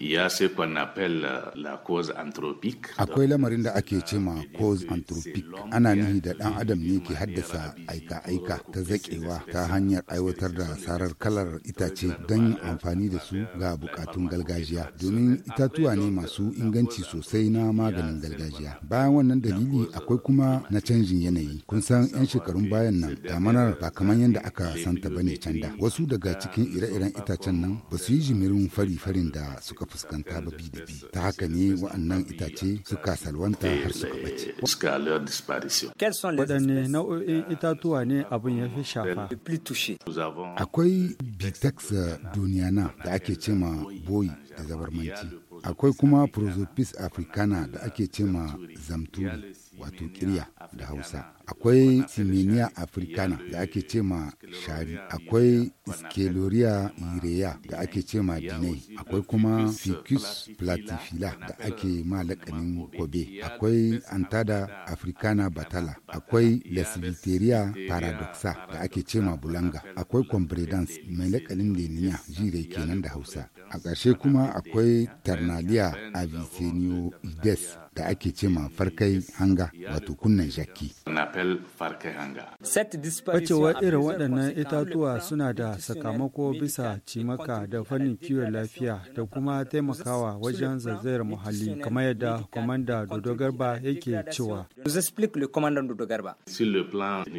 ya euh, la cause Akwai lamarin da ake ce ma cause anthropique ana nihi da dan adam ne ke haddasa aika-aika ta zaƙewa ta hanyar aiwatar da sarar kalar itace don amfani da su ga bukatun gargajiya domin itatuwa ne masu inganci sosai na maganin gargajiya. Bayan wannan dalili akwai kuma na canjin yanayi. Kun san 'yan shekarun bayan nan damanar ba kamar yadda aka santa bane canda. Wasu daga cikin ire-iren itacen nan ba su yi jimirin fari-farin da suka fuskanta ba bi da bi ta haka ne wa'annan itace suka salwanta har suka bace waɗanne nau'o'in euh, itatuwa ne abin ya fi shafa akwai bitex duniyana da ake cema boyi da zabarmanci akwai kuma prosopis africana da ake cema zamturi wato kirya da hausa akwai simenia africana da ake cema shari akwai skeloria ireya da ake cema dinai akwai kuma ficus platifila da ake malakanin kobe akwai antada africana batala akwai lesbiteria paradoxa da ake cema bulanga akwai kwambredans mai laƙanin leniya jirai kenan da hausa a ƙarshe kuma akwai tarn journalière à Vicenio Ides da ake cema farkai hanga wato kunnen jaki. Bacewar irin waɗannan itatuwa suna da sakamako bisa cimaka da fannin kiwon lafiya da kuma taimakawa wajen zazzayar muhalli kamar yadda kwamanda Dodo Garba yake cewa.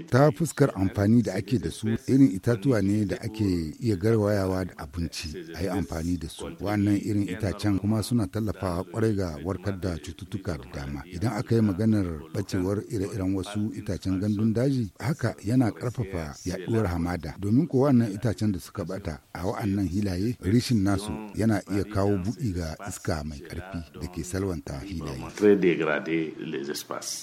Ta fuskar amfani da ake da su irin itatuwa ne da ake iya garwayawa da abinci a yi amfani da su. Wannan irin itacen kuma suna tallafawa kwarai ga warkar da cututtuka iska da dama idan aka yi maganar bacewar ire-iren wasu itacen gandun daji haka yana karfafa yaduwar hamada domin ko wannan itacen da suka bata a wa'annan hilaye rishin nasu yana iya kawo buɗi ga iska mai karfi da ke salwanta hilaye